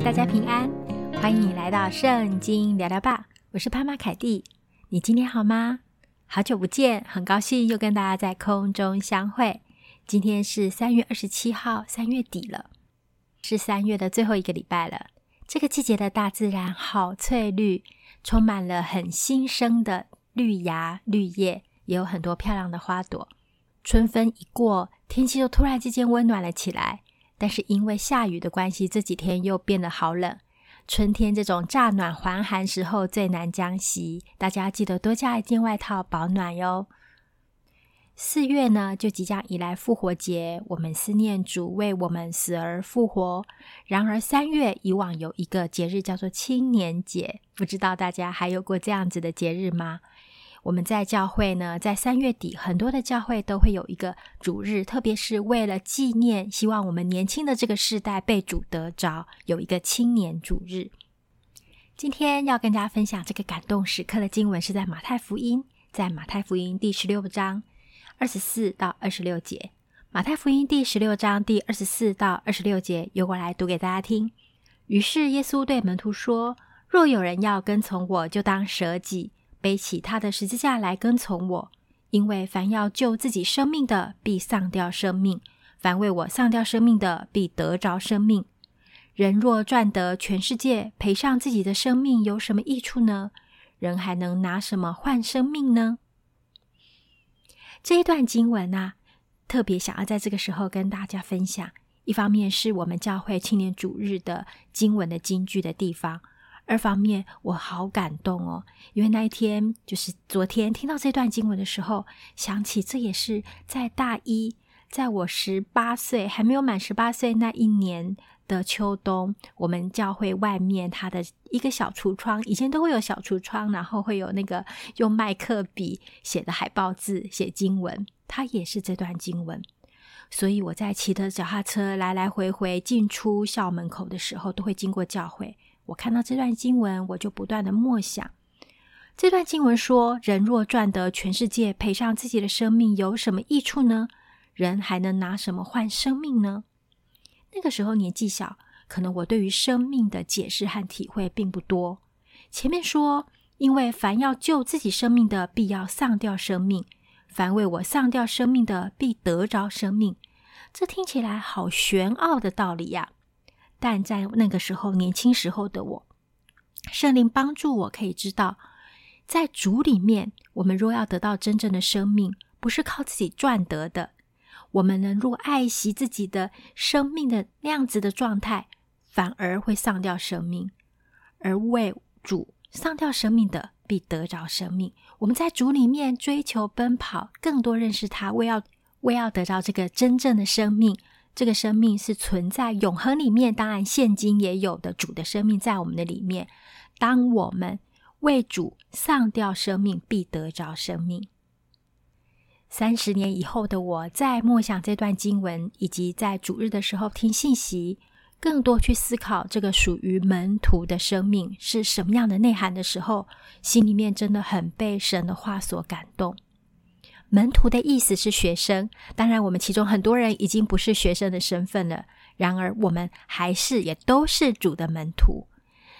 大家平安，歡迎你來到聖經聊聊 BAR。我是潘媽凱蒂，你今天好嗎？好久不見，很高興又跟大家在空中相會。今天是三月二十七號，三月底了，是三月的最後一個禮拜了。這個季節的大自然好翠綠，充滿了很新生的綠芽綠葉，也有很多漂亮的花朵。春分一過，天氣就突然之間溫暖了起來。但是因為下雨的關係，這幾天又變得好冷。春天這種乍暖還寒時候最難將息，大家記得多加一件外套保暖喲。四月呢，就即將迎來復活節，我們思念主為我們死而復活。然而三月以往有一個節日叫做青年節，不知道大家還有過這樣子的節日嗎？我們在教會呢，在三月底，很多的教會都會有一個主日，特別是為了紀念，希望我們年輕的這個世代被主得着，有一個青年主日。今天要跟大家分享這個感動時刻的經文，是在馬太福音，在馬太福音第十六章二十四到二十六節。馬太福音第十六章第二十四到二十六節，由我來讀給大家聽。於是耶穌對門徒說：“若有人要跟從我，就當舍己。”背起他的十字架來跟從我，因為凡要救自己生命的，必喪掉生命；凡為我喪掉生命的，必得着生命。人若賺得全世界，賠上自己的生命，有什麼益處呢？人還能拿什麼換生命呢？這一段經文啊，特別想要在這個時候跟大家分享。一方面是我們教會青年主日的經文的金句的地方。二方面，我好感動哦，因為那一天就是昨天聽到這段經文的時候，想起這也是在大一，在我十八歲還沒有滿十八歲那一年的秋冬，我們教會外面它的一個小櫥窗，以前都會有小櫥窗，然後會有那個用麥克筆寫的海報字寫經文，它也是這段經文，所以我在騎着腳踏車來來回回進出校門口的時候，都會經過教會。我看到這段經文，我就不斷地默想。這段經文說：“人若賺得全世界，賠上自己的生命，有什麼益處呢？人還能拿什麼換生命呢？”那個時候年紀小，可能我對於生命的解釋和體會並不多。前面說：“因為凡要救自己生命的，必要喪掉生命；凡為我喪掉生命的，必得着生命。”這聽起來好玄奧的道理呀、啊。但在那個時候，年輕時候的我，聖靈幫助我可以知道，在主裡面，我們若要得到真正的生命，不是靠自己賺得的。我們能若愛惜自己的生命的那樣子的狀態，反而會喪掉生命；而為主喪掉生命的，必得着生命。我們在主裡面追求奔跑，更多認識他，為要為要得到這個真正的生命。這個生命是存在永恆裡面，當然現今也有的主的生命在我們的裡面。當我們為主喪掉生命，必得着生命。三十年以後的我，在默想這段經文，以及在主日的時候聽信息，更多去思考這個屬於門徒的生命是什麼樣的內涵的時候，心裡面真的很被神的話所感動。門徒的意思是學生，當然我們其中很多人已經不是學生的身份了，然而我們還是也都是主的門徒。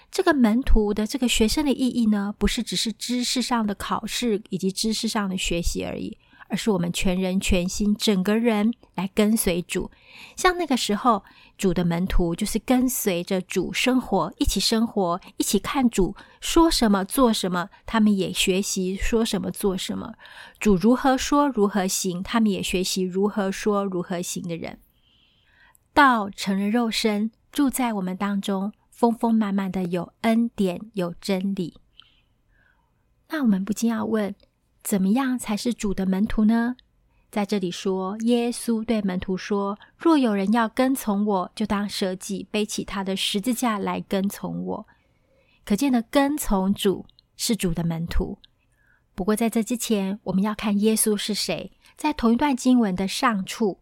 這個門徒的這個學生的意義呢，不是只是知識上的考試以及知識上的學習而已，而是我們全人全心整個人來跟隨主。像那個時候，主的門徒就是跟隨着主生活，一起生活，一起看主說什麼做什麼，他們也學習說什麼做什麼。主如何說如何行，他們也學習如何說如何行的人。道成人肉身，住在我們當中，豐豐滿滿的有恩典有真理。那我們不禁要問：怎麼樣才是主的門徒呢？在這裡說，耶穌對門徒說：“若有人要跟從我，就當捨己，背起他的十字架來跟從我。”可見的跟從主是主的門徒。不過在這之前，我們要看耶穌是誰。在同一段經文的上處，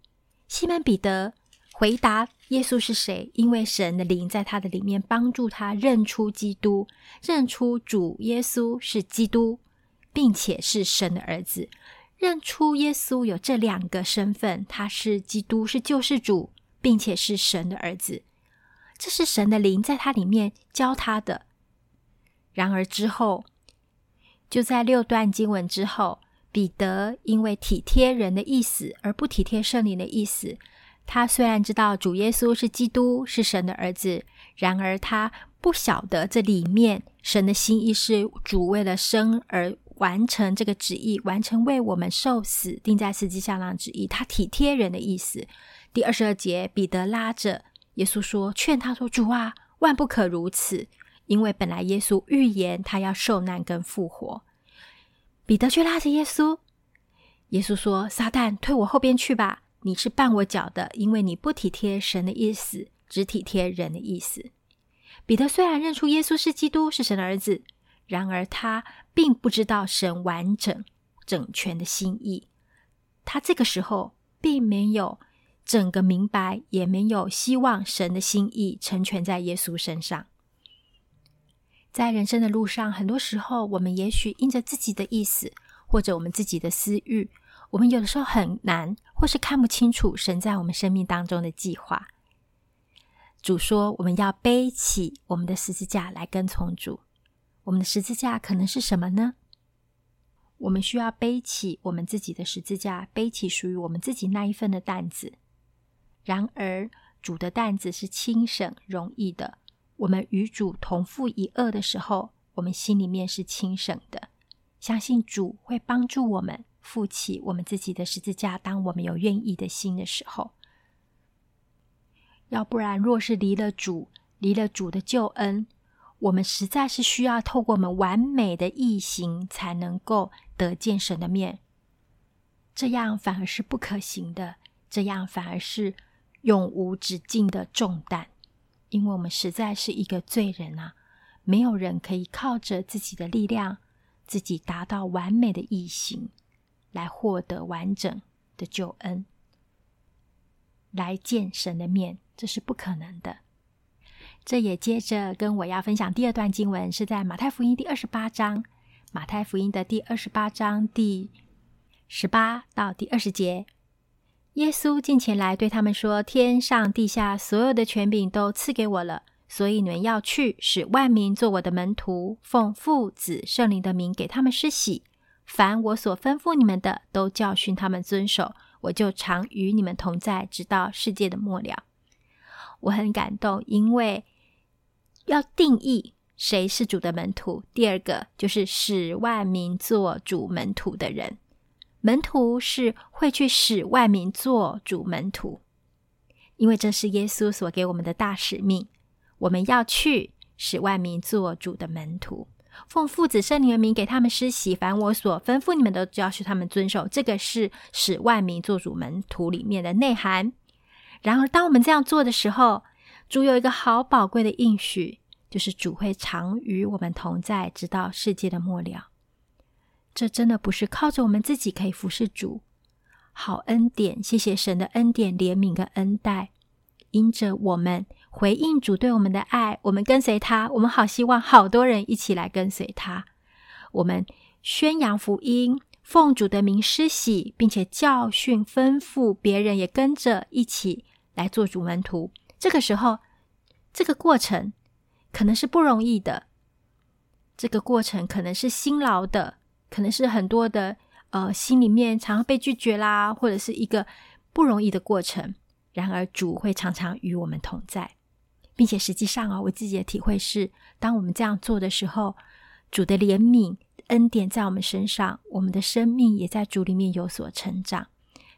西門彼得回答耶穌是誰，因為神的靈在他的裡面幫助他認出基督，認出主耶穌是基督，並且是神的兒子。認出耶穌有這兩個身份，他是基督，是救世主，並且是神的兒子。這是神的靈在他裡面教他的。然而之後，就在六段經文之後，彼得因為體貼人的意思而不體貼聖靈的意思。他雖然知道主耶穌是基督，是神的兒子，然而他不曉得這裡面神的心意是主為了生而。完成這個旨意，完成為我們受死、釘在十字架上旨意，他體貼人的意思。第二十二節，彼得拉着耶穌說，勸他說：“主啊，萬不可如此，因為本來耶穌預言他要受難跟復活。”彼得卻拉着耶穌，耶穌說：“撒旦，退我後邊去吧！你是絆我腳的，因為你不體貼神的意思，只體貼人的意思。”彼得雖然認出耶穌是基督，是神的兒子。然而，他並不知道神完整整全的心意。他這個時候並沒有整個明白，也沒有希望神的心意成全在耶穌身上。在人生的路上，很多時候，我們也許因着自己的意思，或者我們自己的私欲，我們有的時候很難，或是看不清楚神在我們生命當中的計劃。主說：“我們要背起我們的十字架來跟從主。”我們的十字架可能是什麼呢？我們需要背起我們自己的十字架，背起屬於我們自己那一份的擔子。然而，主的擔子是輕省容易的。我們與主同負一軛的時候，我們心裡面是輕省的，相信主會幫助我們負起我們自己的十字架。當我們有願意的心的時候，要不然，若是離了主，離了主的救恩。我們實在是需要透過我們完美的義行，才能夠得見神的面。這樣反而是不可行的，這樣反而是永無止境的重擔，因為我們實在是一個罪人啊！沒有人可以靠着自己的力量，自己達到完美的義行，來獲得完整的救恩，來見神的面，這是不可能的。這也接着跟我要分享第二段經文，是在馬太福音第二十八章。馬太福音的第二十八章第十八到第二十節，耶穌近前來對他們說：“天上地下所有的權柄都賜給我了，所以你們要去，使萬民做我的門徒，奉父、子、聖靈的名給他們施洗。凡我所吩咐你們的，都教訓他們遵守。我就常與你們同在，直到世界的末了。”我很感動，因為。要定義誰是主的門徒。第二個就是使萬民做主門徒的人。門徒是會去使萬民做主門徒，因為這是耶穌所給我們的大使命。我們要去使萬民做主的門徒，奉父子聖靈的名給他們施洗。凡我所吩咐你們都要使他們遵守。這個是使萬民做主門徒裡面的內涵。然而，當我們這樣做的時候，主有一個好寶貴的應許，就是主會常與我們同在，直到世界的末了。這真的不是靠着我們自己可以服侍主。好恩典，謝謝神的恩典、憐憫跟恩待，因着我們回應主對我們的愛，我們跟隨他。我們好希望好多人一起來跟隨他，我們宣揚福音，奉主的名施洗，並且教訓、吩咐別人也跟着一起來做主門徒。這個時候，這個過程可能是不容易的，這個過程可能是辛勞的，可能是很多的，呃，心裡面常常被拒絕啦，或者是一個不容易的過程。然而，主會常常與我們同在，並且實際上啊，我自己的體會是，當我們這樣做的時候，主的憐憫恩典在我們身上，我們的生命也在主裡面有所成長。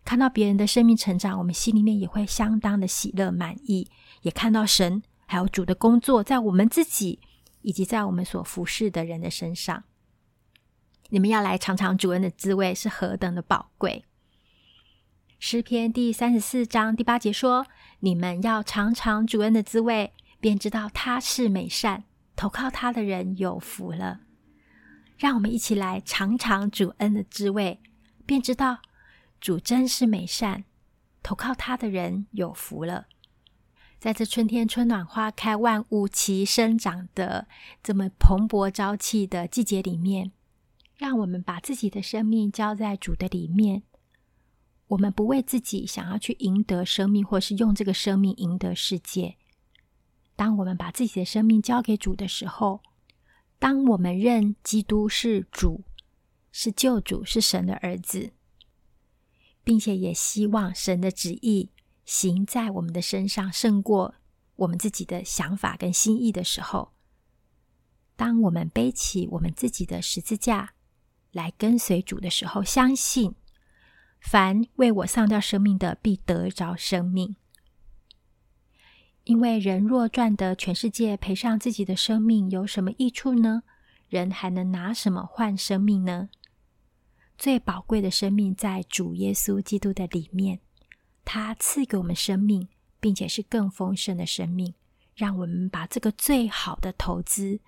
看到別人的生命成長，我們心裡面也會相當的喜樂滿意。也看到神還有主的工作，在我們自己以及在我們所服侍的人的身上，你們要來嘗嘗主恩的滋味是何等的寶貴。詩篇第三十四章第八節說：“你們要嘗嘗主恩的滋味，便知道他是美善，投靠他的人有福了。”讓我們一起來嘗嘗主恩的滋味，便知道。主真是美善，投靠他的人有福了。在這春天春暖花開、萬物齊生長的這麼蓬勃朝氣的季節裡面，讓我們把自己的生命交在主的裡面。我們不為自己想要去贏得生命，或是用這個生命贏得世界。當我們把自己的生命交給主的時候，當我們認基督是主，是救主，是神的兒子。並且也希望神的旨意行在我們的身上，勝過我們自己的想法跟心意的時候，當我們背起我們自己的十字架來跟隨主的時候，相信凡為我喪掉生命的，必得着生命。因為人若賺得全世界，賠上自己的生命，有什麼益處呢？人還能拿什麼換生命呢？最寶貴的生命在主耶穌基督的裡面，他賜給我們生命，並且是更豐盛的生命。讓我們把這個最好的投資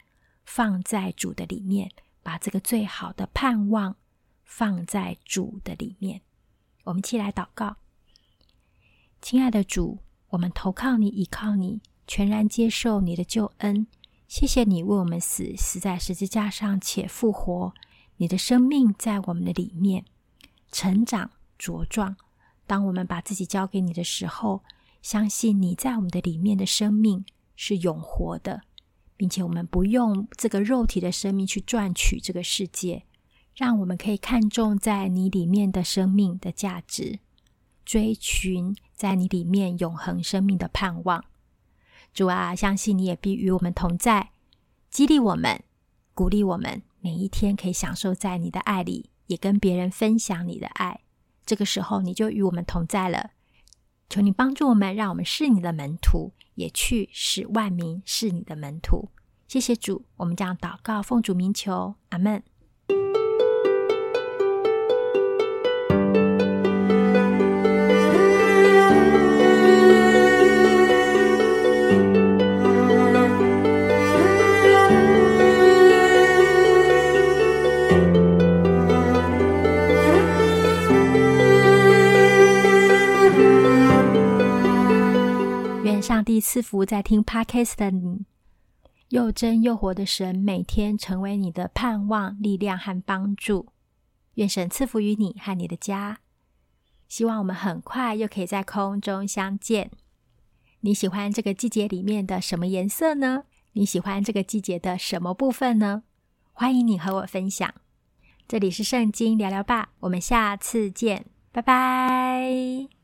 放在主的裡面，把這個最好的盼望放在主的裡面。我們一起來禱告，親愛的主，我們投靠你，依靠你，全然接受你的救恩。謝謝你為我們死，死在十字架上且復活。你的生命在我們的裡面成長茁壯。當我們把自己交給你的時候，相信你在我們的裡面的生命是永活的，並且我們不用這個肉體的生命去賺取這個世界，讓我們可以看重在你裡面的生命的價值，追尋在你裡面永恆生命的盼望。主啊，相信你也必與我們同在，激勵我們，鼓勵我們。每一天可以享受在你的愛裡，也跟別人分享你的愛。這個時候，你就與我們同在了。求你幫助我們，讓我們是你的門徒，也去使萬民是你的門徒。謝謝主，我們這樣禱告，奉主名求，阿門。福在聽 Podcast 的你，又真又活的神，每天成為你的盼望、力量和幫助。願神賜福於你和你的家。希望我們很快又可以在空中相見。你喜歡這個季節裡面的什麼顏色呢？你喜歡這個季節的什麼部分呢？歡迎你和我分享。這裡是聖經聊聊 BAR，我們下次見，拜拜。